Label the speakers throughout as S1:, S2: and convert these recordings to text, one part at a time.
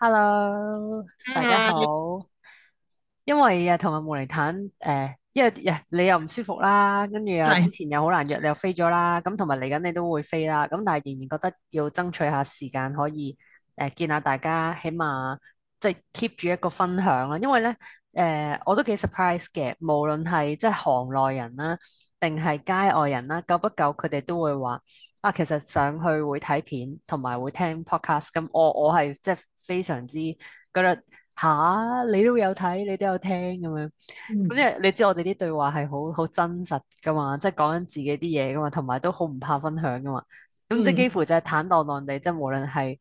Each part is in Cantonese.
S1: Hello，大家好。Mm hmm. 因為呀，同阿夢妮妲誒、呃，因為你又唔舒服啦，跟住啊，之前又好難約，你又飛咗啦。咁同埋嚟緊你都會飛啦。咁但係仍然覺得要爭取下時間，可以誒、呃、見下大家，起碼即係 keep 住一個分享啦。因為咧誒、呃，我都幾 surprise 嘅，無論係即係行內人啦。定係街外人啦，久不久佢哋都會話啊，其實上去會睇片同埋會聽 podcast。咁我我係即係非常之覺得吓、啊，你都有睇，你都有聽咁樣。咁即係你知我哋啲對話係好好真實噶嘛，即係講緊自己啲嘢噶嘛，同埋都好唔怕分享噶嘛。咁、嗯嗯、即係幾乎就係坦蕩蕩地，即係無論係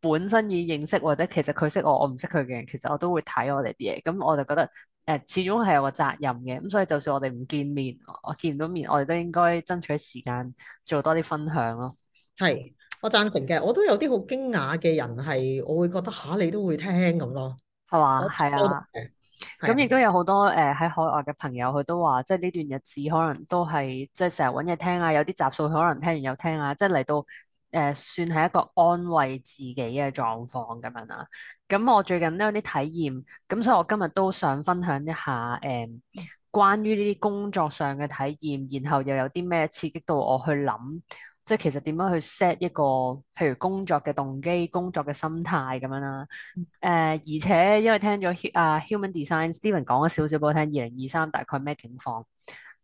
S1: 本身已認識或者其實佢識我，我唔識佢嘅，其實我都會睇我哋啲嘢。咁我就覺得。誒始終係有個責任嘅，咁所以就算我哋唔見面，
S2: 我見唔到面，我哋都應該爭取時間做多啲分享咯。係，我贊成嘅。我都有啲好驚訝嘅人係，我會覺得嚇、啊、你都會聽咁咯，係嘛吧？係我啊。咁亦都有好多誒喺、呃、海外嘅朋友，佢都話即係呢段日子可
S1: 能都係即係成日揾嘢聽啊，有啲集數可能聽完又聽啊，即係嚟到。誒算係一個安慰自己嘅狀況咁樣啦。咁我最近都有啲體驗，咁所以我今日都想分享一下誒、嗯，關於呢啲工作上嘅體驗，然後又有啲咩刺激到我去諗，即係其實點樣去 set 一個譬如工作嘅動機、工作嘅心態咁樣啦。誒、嗯，而且因為聽咗阿 Human Design Steven 講咗少少俾我聽，二零二三大概咩景況？誒、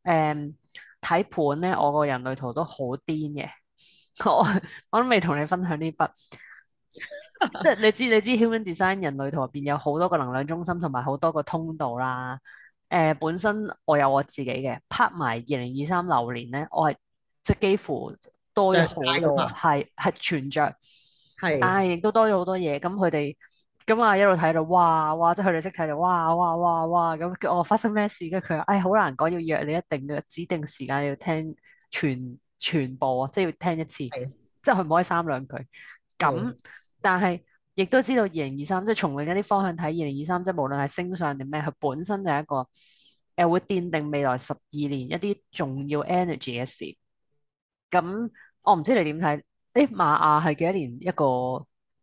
S1: 嗯，睇盤咧，我個人類圖都好癲嘅。我 我都未同你分享呢筆，即係你知你知 Human Design 人類圖入邊有好多個能量中心同埋好多個通道啦。誒、呃，本身我有我自己嘅，拍埋二零二三流年咧，我係即係幾乎多咗好多，係係存着，係，但係亦都多咗好多嘢。咁佢哋咁啊一路睇到哇哇，即係佢哋識睇到哇哇哇哇咁。我、嗯、發生咩事？跟住佢話，誒、哎、好難講，要約你一定指定時間要聽全全部，啊，即係要聽一次，的即係佢唔可以三兩句。咁，的但係亦都知道二零二三，即係從另一啲方向睇，二零二三即係無論係升上定咩，佢本身就係一個誒會奠定未來十二年一啲重要 energy 嘅事。咁，我唔知你點睇？誒，瑪雅
S2: 係幾多年一個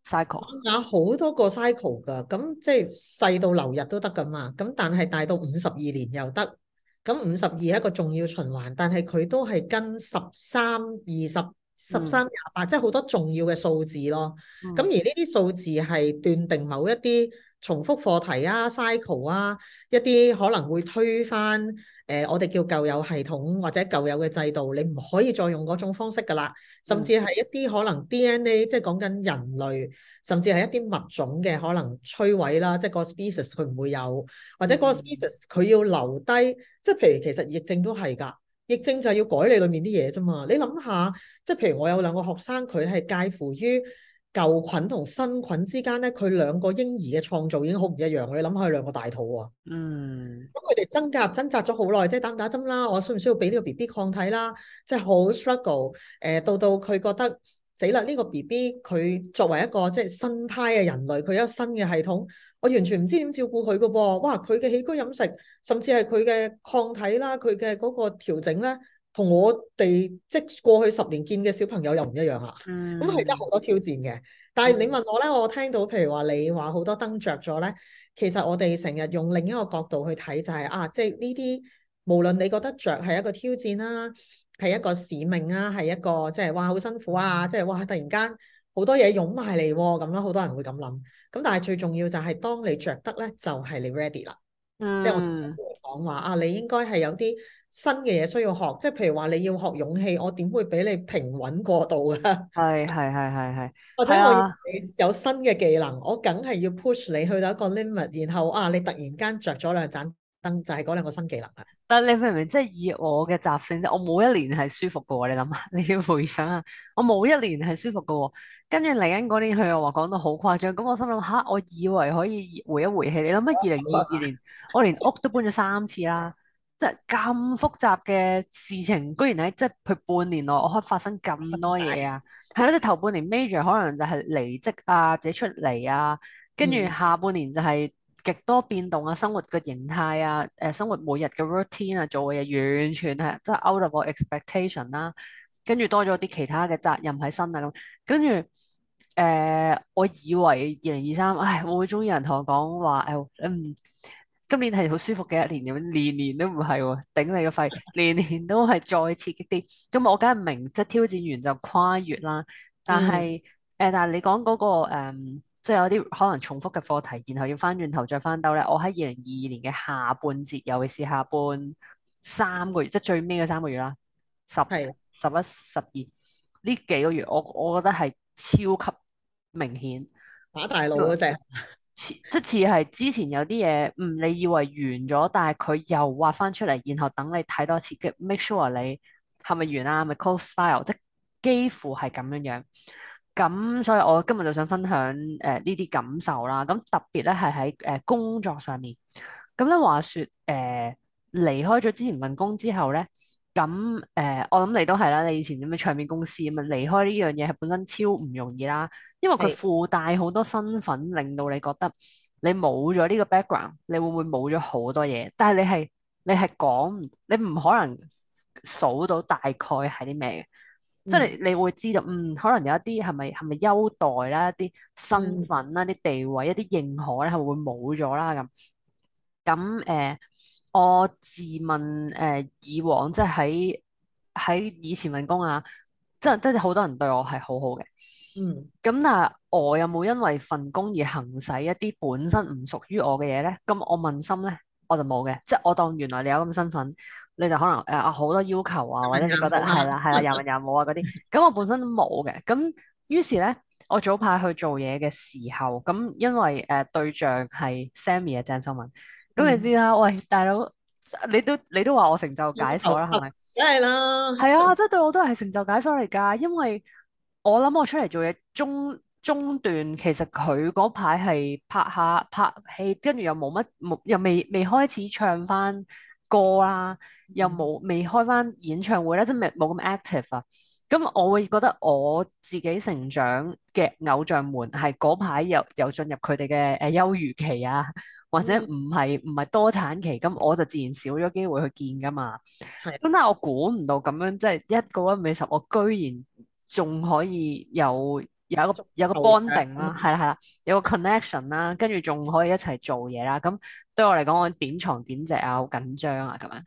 S2: cycle？瑪雅好多個 cycle 㗎，咁即係細到流日都得㗎嘛。咁但係大到五十二年又得。咁五十二一個重要循環，但係佢都係跟十三、嗯、二十、十三、廿八，即係好多重要嘅數字咯。咁、嗯、而呢啲數字係斷定某一啲。重複課題啊，cycle 啊，一啲可能會推翻誒、呃，我哋叫舊有系統或者舊有嘅制度，你唔可以再用嗰種方式噶啦。甚至係一啲可能 DNA，即係講緊人類，甚至係一啲物種嘅可能摧毀啦，即係個 species 佢唔會有，或者嗰個 species 佢要留低，嗯、即係譬如其實疫症都係噶，疫症就係要改你裏面啲嘢啫嘛。你諗下，即係譬如我有兩個學生，佢係介乎於舊菌同新菌之間咧，佢兩個嬰兒嘅創造已經好唔一樣。你要諗下佢兩個大肚喎。嗯。咁佢哋掙扎掙扎咗好耐，即係打唔打針啦？我需唔需要俾呢個 B B 抗體啦？即係好 struggle、呃。誒，到到佢覺得死啦！呢個 B B 佢作為一個即係新派嘅人類，佢一新嘅系統，我完全唔知點照顧佢㗎噃。哇！佢嘅起居飲食，甚至係佢嘅抗體啦，佢嘅嗰個調整咧。同我哋即係過去十年見嘅小朋友又唔一樣啦。咁係、嗯、真係好多挑戰嘅。但係你問我咧，嗯、我聽到譬如話你話好多燈着咗咧，其實我哋成日用另一個角度去睇就係、是、啊，即係呢啲無論你覺得着係一個挑戰啦、啊，係一個使命啊，係一個即、就、係、是、哇好辛苦啊，即、就、係、是、哇突然間好多嘢湧埋嚟咁咯，好多人會咁諗。咁但係最重要就係當你着得咧，就係你 ready 啦。嗯、即係我講話啊，你應該係有啲，新嘅嘢需要學，即係譬如話你要學勇氣，我點會俾你平穩過渡？啊？ 係係係係係，或者我有，有新嘅技能，啊、我梗係要 push 你去到一個 limit，然後啊，你突然間着咗兩盞燈，就係嗰兩個新技能啊！
S1: 但你明唔明？即係以我嘅習性，我冇一年係舒服噶，你諗下，你要回想下，我冇一年係舒服噶。跟住嚟緊嗰年說說，佢又話講到好誇張，咁我心諗吓，我以為可以回一回氣，你諗下，二零二二年， 我連屋都搬咗三次啦。即係咁複雜嘅事情，居然喺即係佢半年內，我可以發生咁多嘢啊！係咯， 即係頭半年 major 可能就係離職啊，自己出嚟啊，跟住下半年就係極多變動啊，生活嘅形態啊，誒、呃、生活每日嘅 routine 啊，做嘅嘢完全係即係 out of 個 expectation 啦、啊，跟住多咗啲其他嘅責任喺身啊。咁跟住誒我以為二零二三，唉，會會我唔會中意有人同我講話誒、哎、嗯？今年係好舒服嘅一年咁，年年都唔係喎，頂你個肺！年年都係再刺激啲。咁我梗係明，即係挑戰完就跨越啦。但係誒、嗯呃，但係你講嗰、嗰個、嗯、即係有啲可能重複嘅課題，然後要翻轉頭再翻兜咧。我喺二零二二年嘅下半節，尤其是下半三個月，即係最尾嘅三個月啦，十、的十一、十二呢幾個月我，我我覺得係超級明顯
S2: 打大路嗰隻。
S1: 即似係之前有啲嘢，嗯，你以為完咗，但係佢又挖翻出嚟，然後等你睇多次嘅，make sure 你係咪完啦、啊，咪 close file，即幾乎係咁樣樣。咁所以我今日就想分享誒呢啲感受啦。咁特別咧係喺誒工作上面。咁咧話說誒、呃、離開咗之前份工之後咧。咁誒、呃，我諗你都係啦。你以前咁嘅唱片公司咁啊，離開呢樣嘢係本身超唔容易啦。因為佢附帶好多身份，是令到你覺得你冇咗呢個 background，你會唔會冇咗好多嘢？但係你係你係講，你唔可能數到大概係啲咩嘅。即係、嗯、你、你會知道，嗯，可能有一啲係咪係咪優待啦、啲身份啦、啲、嗯、地位、一啲認可咧，係會冇咗啦咁。咁誒。我自問誒、呃、以往即係喺喺以前份工啊，即係即係好多人對我係好好嘅，嗯。咁但係我有冇因為份工而行使一啲本身唔屬於我嘅嘢咧。咁我問心咧，我就冇嘅。即係我當原來你有咁身份，你就可能誒好、呃、多要求啊，或者你覺得係啦係啦有、啊、又問又有冇啊嗰啲。咁 我本身都冇嘅。咁於是咧，我早排去做嘢嘅時候，咁因為誒、呃、對象係 Sammy 啊，鄭秀文。咁你知啦，嗯嗯、喂，大佬，你都你都話我成就解鎖啦，係咪？梗係啦，係 啊，即係對我都係成就解鎖嚟噶，因為我諗我出嚟做嘢中中段，其實佢嗰排係拍下拍戲，跟住又冇乜，冇又未未開始唱翻歌啊，又冇未開翻演唱會啦，啊，即係咪冇咁 active 啊。咁，嗯嗯、我會覺得我自己成長嘅偶像門們，係嗰排又又進入佢哋嘅誒休漁期啊。或者唔係唔係多產期，咁我就自然少咗機會去見㗎嘛。咁係，但係我估唔到咁樣，即係一個一尾十，我居然仲可以有有一個有個 bonding 啦，係啦係啦，有個 connection 啦、嗯，跟住仲可以一齊做嘢啦。咁對我嚟講，我典藏典借啊，好緊張啊咁樣。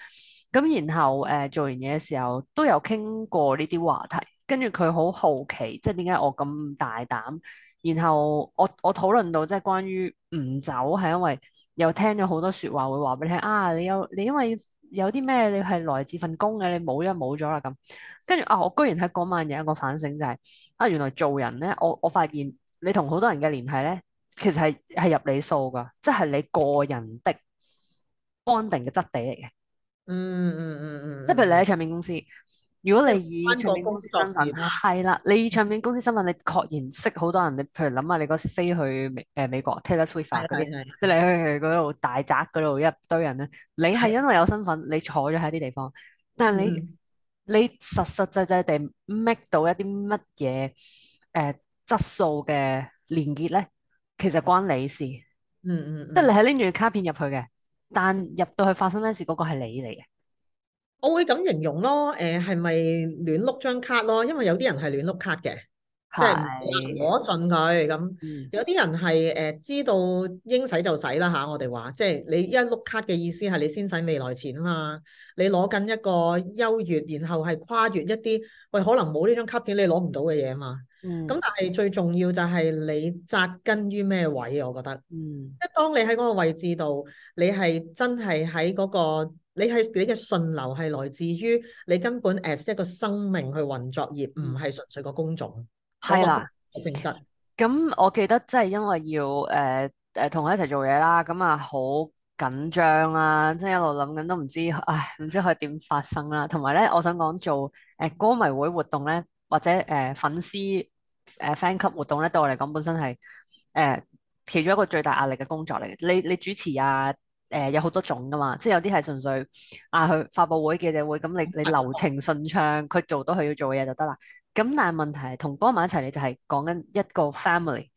S1: 咁然後誒、呃、做完嘢嘅時候，都有傾過呢啲話題。跟住佢好好奇，即係點解我咁大膽？然後我我討論到即係關於唔走，係因為又聽咗好多說話會話俾你聽啊！你有你因為有啲咩你係來自份工嘅，你冇咗冇咗啦咁。跟住啊，我居然喺嗰晚有一個反省就係、是、啊，原來做人咧，我我發現你同好多人嘅聯繫咧，其實係係入你數噶，即係你個人的安定嘅質地嚟嘅、嗯。嗯嗯嗯嗯，即、嗯、係譬如你喺唱片公司。如果你以唱片公司身份，係啦的、嗯，你以唱片公司身份，你確然識好多人。你譬如諗下，你嗰時飛去美誒、呃、美國 Taylor Swift 啲，即係去去去嗰度大宅嗰度一堆人咧，你係因為有身份，的你坐咗喺啲地方。但係你、嗯、你實實際際地 make 到一啲乜嘢誒質素嘅連結咧，其實關你事。嗯嗯，即、嗯、係、嗯、你係拎
S2: 住卡片入去嘅，但入到去發生咩事，嗰、嗰個係你嚟嘅。我會咁形容咯，誒係咪亂碌張卡咯？因為有啲人係亂碌卡嘅，
S1: 的即係唔攞
S2: 信佢咁。有啲人係誒、呃、知道應使就使啦嚇。我哋話即係你一碌卡嘅意思係你先使未來錢啊嘛。你攞緊一個優越，然後係跨越一啲喂可能冇呢張卡片你攞唔到嘅嘢啊嘛。咁、嗯、但係最重要就係你扎根於咩位？我覺得，嗯、即係當你喺嗰個位置度，你係真係喺嗰個。你係你嘅順流係來自於你根本 as 一個生命去運作，而唔係純粹工、嗯、個工種係啦性質。
S1: 咁我記得，即係因為要誒誒同佢一齊做嘢啦，咁啊好緊張啦，即係一路諗緊都唔知，唉唔知佢點發生啦。同埋咧，我想講做誒歌迷會活動咧，或者誒、呃、粉絲誒 fan 級活動咧，對我嚟講本身係誒、呃、其中一個最大壓力嘅工作嚟嘅，你你主持啊。誒、呃、有好多種噶嘛，即係有啲係純粹啊佢發布會記者會，咁你你流程順暢，佢 做到佢要做嘅嘢就得啦。咁但係問題係同哥埋一齊，你就係講緊一個 family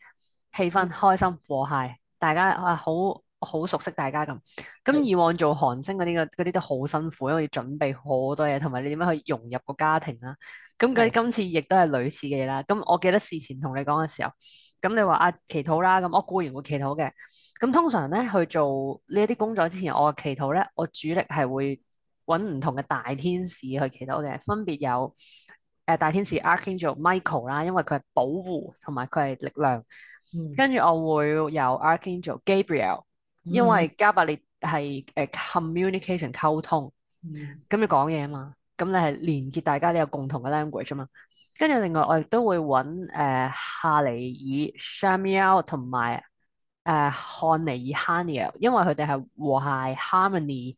S1: 氣氛，開心和諧，大家啊好好熟悉大家咁。咁以往做韓星嗰啲個啲都好辛苦，因為要準備好多嘢，同埋你點樣去融入個家庭啦。咁佢今次亦都係類似嘅嘢啦。咁我記得事前同你講嘅時候，咁你話啊祈禱啦，咁我固然會祈禱嘅。咁通常咧去做呢一啲工作之前，我嘅祈禱咧，我主力係會揾唔同嘅大天使去祈禱嘅，分別有誒、呃、大天使 Archangel Michael 啦，因為佢係保護同埋佢係力量。跟住、嗯、我會有 Archangel Gabriel，因為加百列係誒 communication 溝通，咁你講嘢啊嘛。咁你係連結大家，都有共同嘅 language 啊嘛。跟住另外，我亦都會揾誒、呃、夏爾、呃、尼爾、Shamial 同埋誒漢尼爾、Haniel，因為佢哋係和諧、harmony、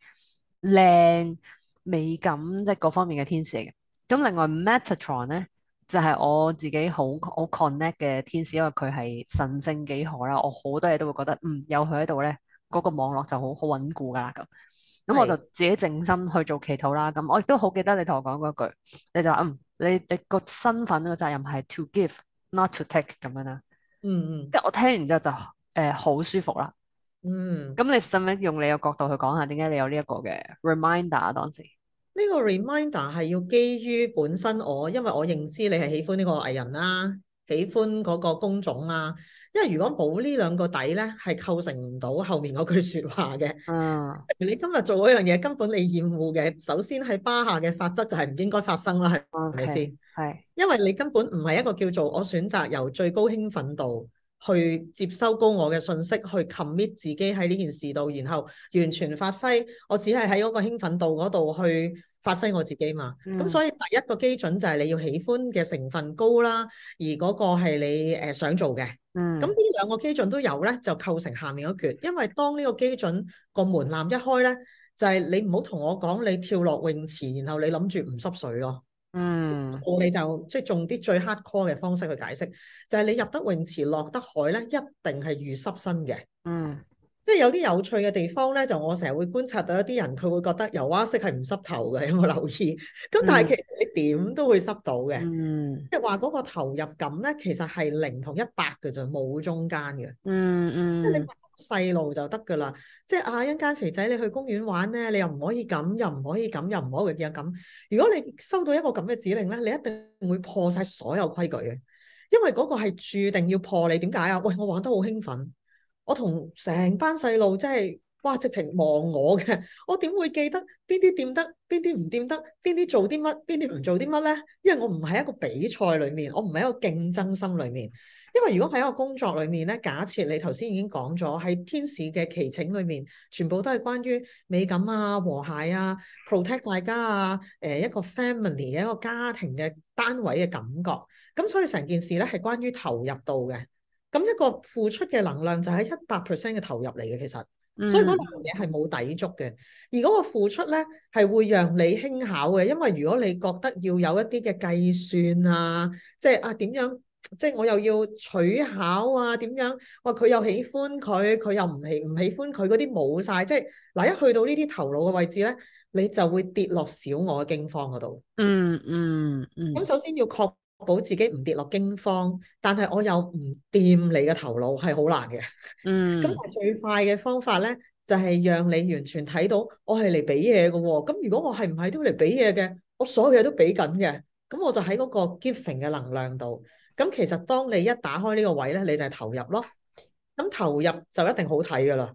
S1: 靚美感即係、就是、各方面嘅天使嚟嘅。咁另外，Metatron 咧就係、是、我自己好好 connect 嘅天使，因為佢係神聖幾何啦。我好多嘢都會覺得嗯有佢喺度咧。嗰個網絡就好好穩固噶啦咁，咁我就自己靜心去做祈禱啦。咁是我亦都好記得你同我講嗰句，你就話嗯，你你個身份個責任係 to give not to take 咁樣啦。嗯嗯，咁我聽完之後就誒好、呃、舒服啦。嗯，咁你使唔使用你嘅角度去講下點解你有呢一個嘅 reminder 當時？
S2: 呢個 reminder 係要基於本身我，因為我認知你係喜歡呢個藝人啦、啊，喜歡嗰個工種啦、啊。因為如果冇呢兩個底咧，係構成唔到後面嗰句説話嘅。啊！你今日做嗰樣嘢根本你厭惡嘅，首先喺巴夏嘅法則就係唔應該發生啦，係咪先？係，Okay. 因為你根本唔係一個叫做我選擇由最高興奮度。去接收高我嘅信息，去 commit 自己喺呢件事度，然後完全發揮。我只係喺嗰個興奮度嗰度去發揮我自己嘛。咁、嗯、所以第一個基準就係你要喜歡嘅成分高啦，而嗰個係你誒想做嘅。嗯，咁呢兩個基準都有咧，就構成下面嗰橛。因為當呢個基準個門檻一開咧，就係、是、你唔好同我講你跳落泳池，然後你諗住唔濕水咯。嗯，我咪就即係、就是、用啲最 hard core 嘅方式去解釋，就係、是、你入得泳池落得海咧，一定係預濕身嘅。嗯，即係有啲有趣嘅地方咧，就我成日會觀察到一啲人佢會覺得油蛙式係唔濕頭嘅，有冇留意？咁但係其實你點都會濕到嘅。嗯，即係話嗰個投入感咧，其實係零同一百嘅就冇中間嘅、嗯。嗯嗯。細路就得噶啦，即係阿欣間肥仔，你去公園玩咧，你又唔可以咁，又唔可以咁，又唔可以嘅嘢咁。如果你收到一個咁嘅指令咧，你一定會破晒所有規矩嘅，因為嗰個係注定要破你。點解啊？喂，我玩得好興奮，我同成班細路真係，哇，直情忘我嘅。我點會記得邊啲掂得，邊啲唔掂得，邊啲做啲乜，邊啲唔做啲乜咧？因為我唔係一個比賽裏面，我唔係一個競爭心裏面。因為如果喺一個工作裏面咧，假設你頭先已經講咗喺天使嘅祈請裏面，全部都係關於美感啊、和諧啊、protect 大家啊、誒一個 family 嘅一個家庭嘅單位嘅感覺。咁所以成件事咧係關於投入度嘅。咁一個付出嘅能量就喺一百 percent 嘅投入嚟嘅，其實。所以嗰兩樣嘢係冇抵觸嘅，而嗰個付出咧係會讓你輕巧嘅，因為如果你覺得要有一啲嘅計算啊，即係啊點樣？即係我又要取巧啊？點樣？哇！佢又喜歡佢，佢又唔喜唔喜歡佢嗰啲冇晒。即係嗱，一去到呢啲頭腦嘅位置咧，你就會跌落小我嘅驚慌嗰度、嗯。嗯嗯嗯。咁首先要確保自己唔跌落驚慌，但係我又唔掂你嘅頭腦係好難嘅。嗯。咁但係最快嘅方法咧，就係、是、讓你完全睇到我係嚟俾嘢嘅。咁如果我係唔係都嚟俾嘢嘅，我所有嘢都俾緊嘅，咁我就喺嗰個 gifting 嘅能量度。咁其實當你一打開呢個位咧，你就係投入咯。咁投入就一定好睇噶啦。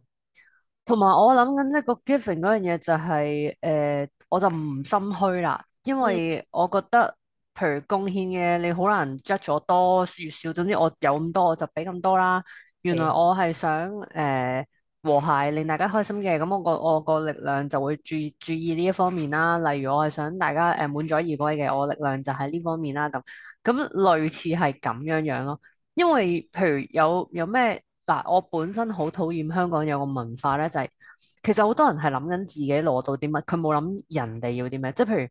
S1: 同埋我諗緊一個 giving 嗰樣嘢就係、係、誒、呃，我就唔心虛啦，因為我覺得譬如貢獻嘅你好難 judge 咗多與少，總之我有咁多我就俾咁多啦。原來我係想誒。呃和諧令大家開心嘅，咁我個我個力量就會注注意呢一方面啦、啊。例如我係想大家誒滿載而歸嘅，我力量就喺呢方面啦、啊。咁咁類似係咁樣樣咯。因為譬如有有咩嗱，我本身好討厭香港有個文化咧，就係、是、其實好多人係諗緊自己攞到啲乜，佢冇諗人哋要啲咩。即係譬如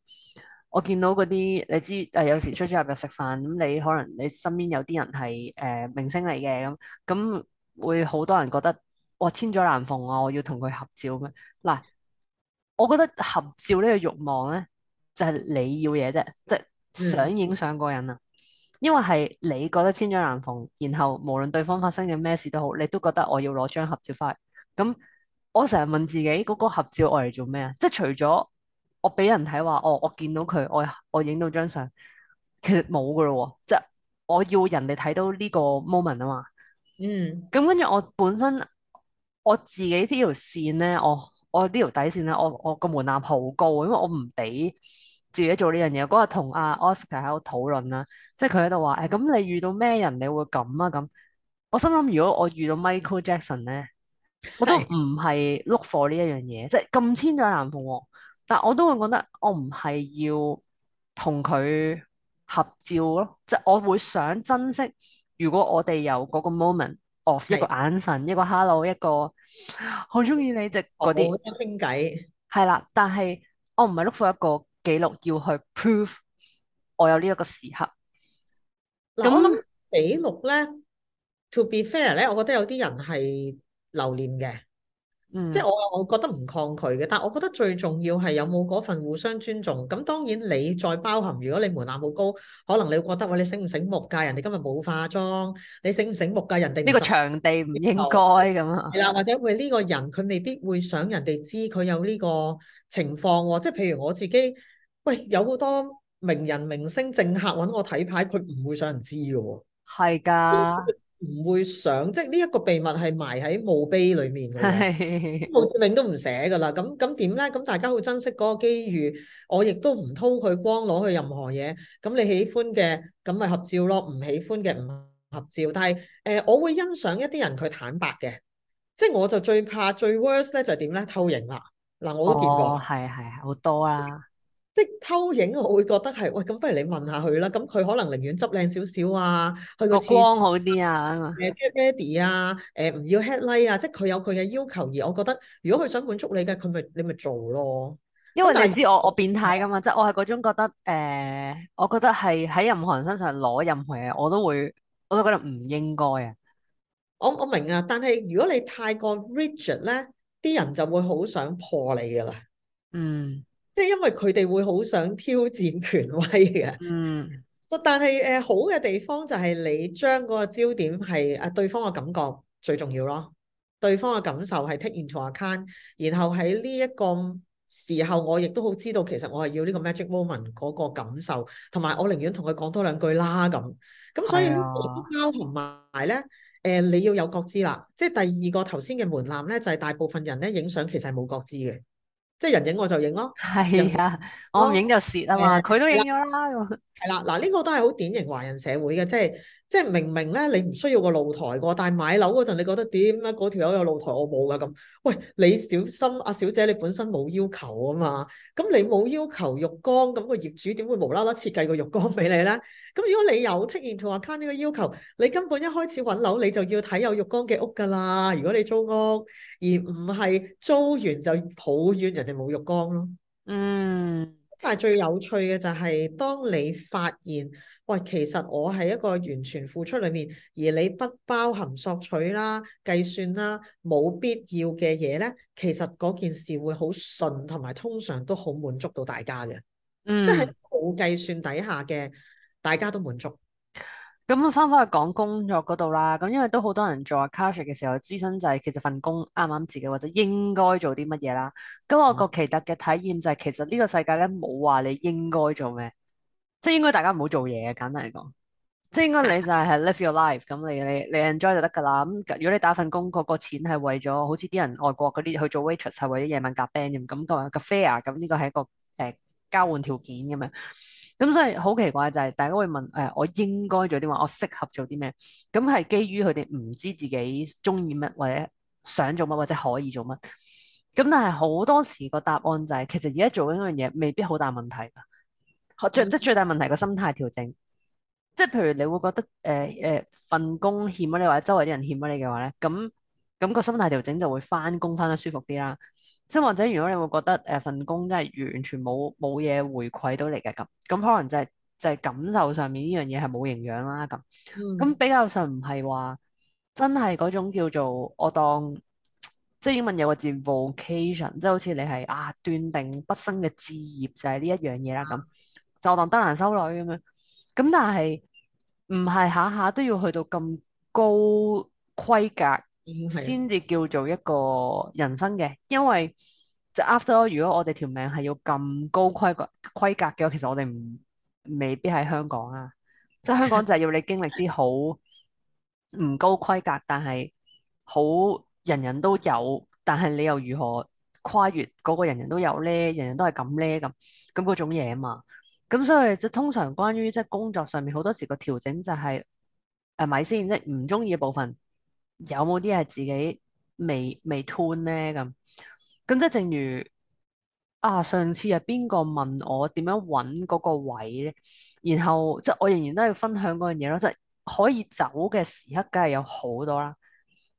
S1: 我見到嗰啲，你知誒，有時出出入入食飯咁，你可能你身邊有啲人係誒、呃、明星嚟嘅咁，咁會好多人覺得。哇千載難逢啊！我要同佢合照咩？嗱，我覺得合照呢個慾望咧，就係你要嘢啫，即係想影相個人啊。嗯。因為係你覺得千載難逢，然後無論對方發生嘅咩事都好，你都覺得我要攞張合照翻嚟。咁我成日問自己嗰個合照我嚟做咩啊？即係除咗我俾人睇話，我我見到佢，我我影到張相，其實冇噶啦，即係我要人哋睇到呢個 moment 啊嘛。
S2: 嗯。
S1: 咁跟住我本身。我自己條呢條線咧，我我呢條底線咧，我我個門檻好高，因為我唔俾自己做呢樣嘢。嗰日同阿 Oscar 喺度討論啦，即係佢喺度話：誒、哎，咁你遇到咩人你會咁啊？咁我心諗，如果我遇到 Michael Jackson 咧，我都唔係 look for 呢一樣嘢， 即係咁千載難逢。但係我都會覺得我唔係要同佢合照咯，即係我會想珍惜。如果我哋有嗰個 moment。哦，一個眼神，的一個 hello，一個好中意你直嗰啲傾偈，係啦、哦。但係我唔係 look for 一個記錄要去
S2: proof 我有呢一個時刻。咁記錄咧，to be fair 咧，我覺得有啲人係留念嘅。嗯、即係我，我覺得唔抗拒嘅。但係我覺得最重要係有冇嗰份互相尊重。咁當然你再包含，如果你門檻好高，可能你會覺得喂，你醒唔醒目㗎？人哋今日冇化妝，你醒唔醒目㗎？人哋呢個場地唔應該咁啊。係啦，或者會呢個人佢未必會想人哋知佢有呢個情況喎。即係譬如我自己，喂，有好多名人、明星、政客搵我睇牌，佢唔會想人知㗎喎。係㗎的。 唔會想，即係呢一個秘密係埋喺墓碑裏面嘅，墓誌銘都唔寫㗎喇。咁咁點咧？咁大家好珍惜嗰個機遇，我亦都唔偷佢光，攞去任何嘢。咁你喜歡嘅，咁咪合照咯；唔喜歡嘅，唔合照。但係誒、呃，我會欣賞一啲人佢坦白嘅，即係我就最怕最 worst 咧就係點咧偷影啦。嗱，我都見過，係係好多啊。即偷影，我會覺得係喂，咁不如你問下佢啦。咁佢可能寧願執靚少少啊，佢個光好啲啊，誒 get ready 啊，誒唔要 headlight 啊，即佢有佢嘅要求而我覺得，如果佢想滿足你嘅，佢咪你咪做咯。
S1: 因為你知我我變態噶嘛，即係我係嗰種覺得誒、呃，我覺得係喺任何人身上攞任何嘢，我都會我都覺得唔
S2: 應該啊、嗯。我我明啊，但係如果你太過 rigid 咧，啲人就會好想破你噶啦。嗯。即係因為佢哋會好想挑戰權威嘅，就、嗯、但係誒、呃、好嘅地方就係你將嗰個焦點係啊對方嘅感覺最重要咯，對方嘅感受係 take into account，然後喺呢一個時候我亦都好知道其實我係要呢個 magic moment 嗰個感受，同埋我寧願同佢講多兩句啦咁。咁所以、哎、呀包同埋咧誒，你要有覺知啦。即係第二個頭先嘅門檻咧，就係、是、大部分人咧影相其實係冇覺知嘅。即係人影我就影咯，係啊，啊我唔影就蝕啊嘛，佢都影咗啦。係啦，嗱呢個都係好典型華人社會嘅，即係。即係明明咧，你唔需要個露台㗎，但係買樓嗰陣，你覺得點咧？嗰條友有露台，我冇噶咁。喂，你小心啊小姐，你本身冇要求啊嘛。咁你冇要求浴缸，咁個業主點會無啦啦設計個浴缸俾你咧？咁如果你有剔現同埋卡呢個要求，你根本一開始揾樓，你就要睇有浴缸嘅屋㗎啦。如果你租屋，而唔係租完就抱怨人哋冇浴缸咯。嗯。但係最有趣嘅就係當你發現。喂，其實我係一個完全付出裏面，而你不包含索取啦、計算啦、冇必要嘅嘢咧，其實嗰件事會好順，同埋通常都好滿足到大家嘅。嗯，即係冇計算底下嘅，大家都滿足。咁翻返去講工
S1: 作嗰度啦，咁因為都好多人做 cash 嘅時候，諮詢就係其實份工啱啱自己或者應該做啲乜嘢啦。咁我個奇特嘅體驗就係、是、其實呢個世界咧冇話你應該做咩。嗯嗯即係應該大家唔好做嘢、啊，簡單嚟講，即、就、係、是、應該你就係係 live your life 咁， 你你你 enjoy 就得噶啦。咁如果你打份工，個、那個錢係為咗好似啲人外國嗰啲去做 waitress 係為咗夜晚夾 band 咁，咁同埋 fare 啊咁，呢個係一個誒、呃、交換條件咁樣。咁所以好奇怪就係大家會問誒、哎，我應該做啲話，我適合做啲咩？咁係基於佢哋唔知自己中意乜，或者想做乜，或者可以做乜。咁但係好多時個答案就係、是、其實而家做緊一樣嘢未必好大問題最即係最大問題個心態調整，即係譬如你會覺得誒誒份工欠咗你，或者周圍啲人欠咗你嘅話咧，咁咁個心態調整就會翻工翻得舒服啲啦。即係或者如果你會覺得誒份工真係完全冇冇嘢回饋到你嘅咁，咁可能就係就係感受上面呢樣嘢係冇營養啦咁。咁、嗯、比較上唔係話真係嗰種叫做我當，即係英文有個字 vocation，即係好似你係啊斷定畢生嘅志業就係呢一樣嘢啦咁。就當德蘭修女咁樣，咁但係唔係下下都要去到咁高規格，先至叫做一個人生嘅。因為就 after all, 如果我哋條命係要咁高規格規格嘅，其實我哋唔未必喺香港啊。即、就、係、是、香港就係要你經歷啲好唔高規格， 但係好人人都有，但係你又如何跨越嗰個人人都有咧？人人都係咁咧咁咁嗰種嘢啊嘛～咁所以即係通常關於即係、就是、工作上面好多時個調整就係誒咪先即係唔中意嘅，就是、部分有冇啲係自己未未 toon 咧，咁咁即係正如啊上次係邊個問我點樣揾嗰個位咧？然後即係、就是、我仍然都係分享嗰樣嘢咯，即、就、係、是、可以走嘅時刻梗係有好多啦。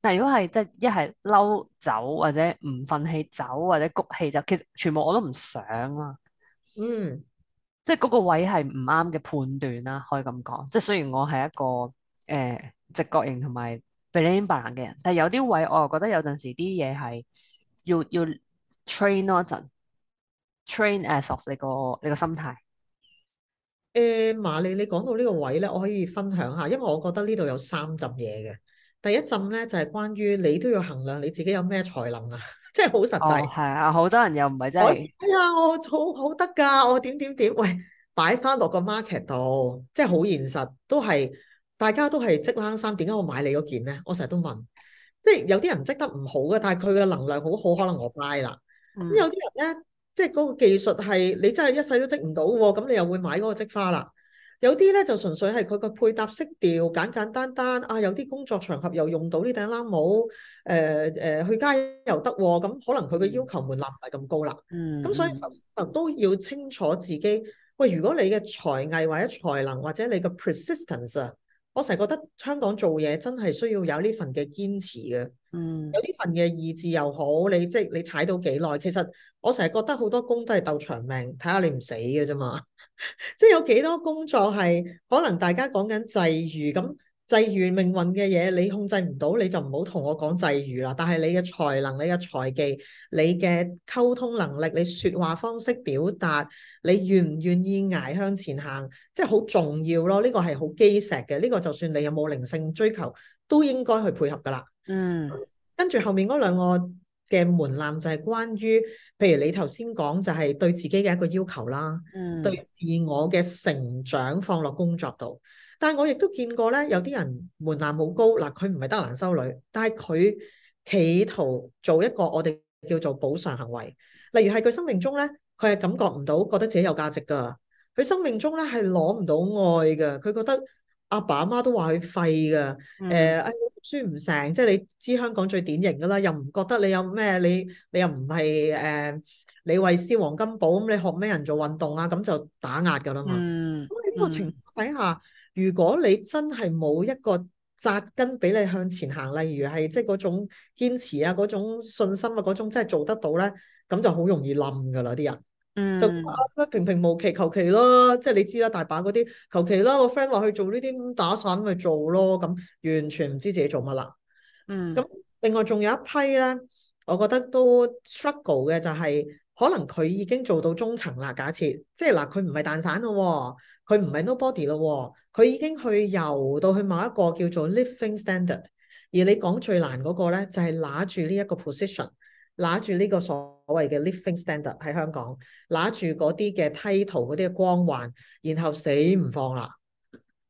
S1: 但係如果係即係一係嬲走或者唔瞓氣走或者谷氣，就其實全部我都唔想啦。嗯。即係嗰個位係唔啱嘅判斷啦，可以咁講。即係雖然我係一個誒、呃、直覺型同埋 brain 盲嘅人，但係有啲位我又覺得有陣時啲嘢係要要 train 多一陣，train as of 你個你個心態。
S2: 誒、呃，麻利，你講到呢個位咧，我可以分享下，因為我覺得呢度有三浸嘢嘅。第一浸咧就係、是、關於你都要衡量你自己有咩才能啊。即係好實際，係啊、哦！好多人又唔係真係，哎呀，我好好得噶，我點點點，喂，擺翻落個 market 度，即係好現實，都係大家都係織冷衫，點解我買你嗰件咧？我成日都問，即係有啲人織得唔好嘅，但係佢嘅能量好好，可能我 buy 啦。咁、嗯、有啲人咧，即係嗰個技術係你真係一世都織唔到，咁你又會買嗰個織花啦。有啲咧就純粹係佢個配搭色調簡簡單單啊，有啲工作場合又用到呢頂冷帽，誒、呃、誒、呃、去街又得，咁可能佢個要求門檻唔係咁高啦。嗯，咁所以首先都要清楚自己。喂，如果你嘅才藝或者才能或者你嘅 persistence 啊，我成日覺得香港做嘢真係需要有呢份嘅堅持嘅。嗯，有呢份嘅意志又好，你即係、就是、你踩到幾耐，其實我成日覺得好多工都係鬥長命，睇下你唔死嘅啫嘛。即係有幾多工作係可能大家講緊際遇，咁際遇、命運嘅嘢，你控制唔到，你就唔好同我講際遇啦。但係你嘅才能、你嘅才技、你嘅溝通能力、你說話方式表達、你願唔願意挨向前行，即係好重要咯。呢個係好基石嘅。呢個就算你有冇靈性追求，都應該去配合噶啦。嗯，跟住後面嗰兩個。嘅門檻就係關於，譬如你頭先講就係對自己嘅一個要求啦，嗯、對自我嘅成長放落工作度。但係我亦都見過咧，有啲人門檻好高嗱，佢唔係德蘭修女，但係佢企圖做一個我哋叫做補償行為。例如係佢生命中咧，佢係感覺唔到覺得自己有價值㗎，佢生命中咧係攞唔到愛㗎，佢覺得。阿爸阿媽，媽都話佢廢㗎，誒、嗯，誒讀書唔成，即係你知香港最典型㗎啦，又唔覺得你有咩，你你又唔係誒，李慧詩黃金寶咁，你學咩人做運動啊？咁就打壓㗎啦嘛。咁喺呢個情況底下，嗯、如果你真係冇一個扎根俾你向前行，例如係即係嗰種堅持啊、嗰種信心啊、嗰種真係做得到咧，咁就好容易冧㗎啦啲人。就平平無奇求其啦，即係你知啦，大把嗰啲求其啦，我 friend 落去做呢啲打散去做咯，咁完全唔知自己做乜啦。咁、嗯、另外仲有一批咧，我覺得都 struggle 嘅就係、是、可能佢已經做到中層啦。假設即係嗱，佢唔係蛋散咯，佢唔係 no body 咯，佢已經去游到去某一個叫做 living standard。而你講最難嗰個咧，就係、是、拿住呢一個 position。拿住呢個所謂嘅 living standard 喺香港，拿住嗰啲嘅 title，嗰啲嘅光環，然後死唔放啦。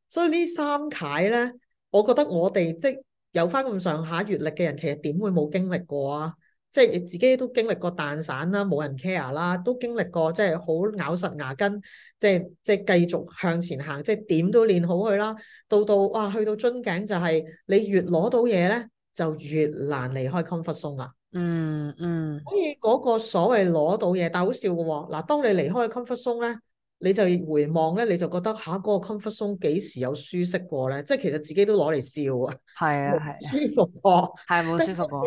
S2: 所以三呢三屆咧，我覺得我哋即係有翻咁上下閲歷嘅人，其實點會冇經歷過啊？即係自己都經歷過蛋散啦，冇人 care 啦，都經歷過即係好咬實牙根，即係即係繼續向前行，即係點都練好佢啦。到到哇，去到樽頸就係你越攞到嘢咧，就越難離開 comfort zone 啦。嗯嗯，所、嗯、以嗰個所謂攞到嘢，但係好笑嘅喎。嗱，當你離開 comfort zone 咧，你就回望咧，你就覺得吓嗰、啊那個 comfort zone 幾時有舒適過咧？即係其實自己都攞嚟笑啊，係啊，係舒服過，係冇、啊啊、舒服過。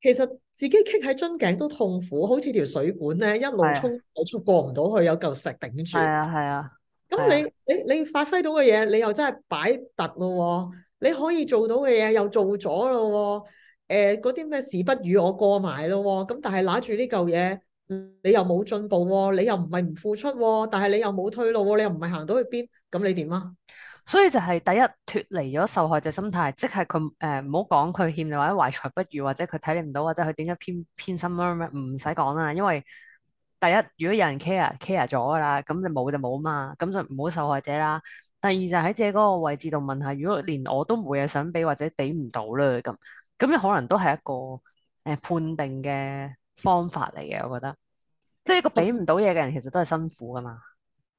S2: 其實自己企喺樽頸都痛苦，好似條水管咧，一路沖，我出、啊、過唔到去，有嚿石頂住。係啊係啊，咁、啊、你、啊、你你發揮到嘅嘢，你又真係擺凸咯。你可以做到嘅嘢，又做咗咯。誒嗰啲咩事不與我過埋咯喎，咁但係揦住呢嚿嘢，你又冇進步喎，你又唔係唔付出喎，但係你又冇退路喎，你又唔係行到去邊，咁你點啊？所以就係第一，脫離咗受害者心態，
S1: 即係佢誒唔好講佢欠你或者懷才不遇或者佢睇你唔到或者佢點解偏偏心啦咩？唔使講啦，因為第一如果有人 care care 咗噶啦，咁就冇就冇嘛，咁就唔好受害者啦。第二就喺自己嗰個位置度問下，如果連我都冇嘢想俾或者俾唔到啦咁。咁有可能都係一個誒判定嘅方法嚟嘅，我覺得，即係一個俾唔到嘢嘅人，其實都係辛苦噶嘛。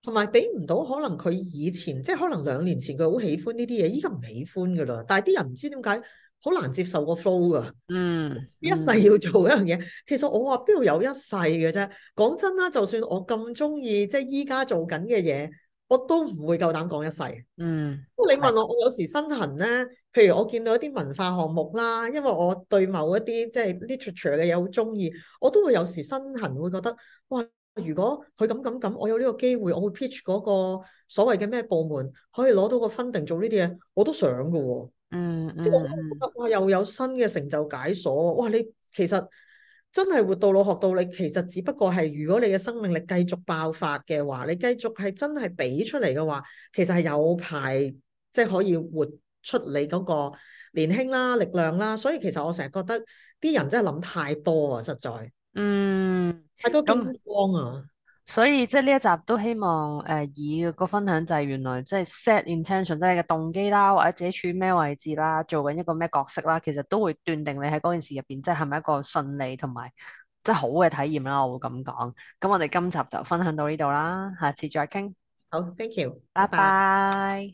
S1: 同埋俾
S2: 唔到，可能佢以前即係可能兩年前佢好喜歡呢啲嘢，依家唔喜歡噶啦。但係啲人唔知點解，好難接受個 flow 噶。嗯。嗯，一世要做一樣嘢，其實我話邊度有一世嘅啫。講真啦，就算我咁中意，即係依家做緊嘅嘢。我都唔會夠膽講一世，嗯，你問我，的我有時身痕咧，譬如，我見到一啲文化項目啦，因為我對某一啲即係 literature 嘅嘢好中意，我都會有時身痕。會覺得，哇，如果佢咁咁咁，我有呢個機會，我會 pitch 嗰個所謂嘅咩部門可以攞到個分定做呢啲嘢，我都想噶，哦嗯，嗯即係我覺得哇又有新嘅成就解鎖，哇你其實。真係活到老學到你，其實只不過係如果你嘅生命力繼續爆發嘅話，你繼續係真係俾出嚟嘅話，其實係有排即係可以活出你嗰個年輕啦、力量啦。所以其實我成日覺得啲人真係諗太多啊，實在
S1: 嗯太多驚慌啊。嗯嗯所以即係呢一集都希望誒、呃、以個分享就係原來即係 set intention 即係你嘅動機啦，或者自己處於咩位置啦，做緊一個咩角色啦，其實都會斷定你喺嗰件事入邊即係係咪一個順利同埋即係好嘅體驗啦。我會咁講，咁我哋今集就分享到呢度啦，下次再傾。好，thank you，拜拜。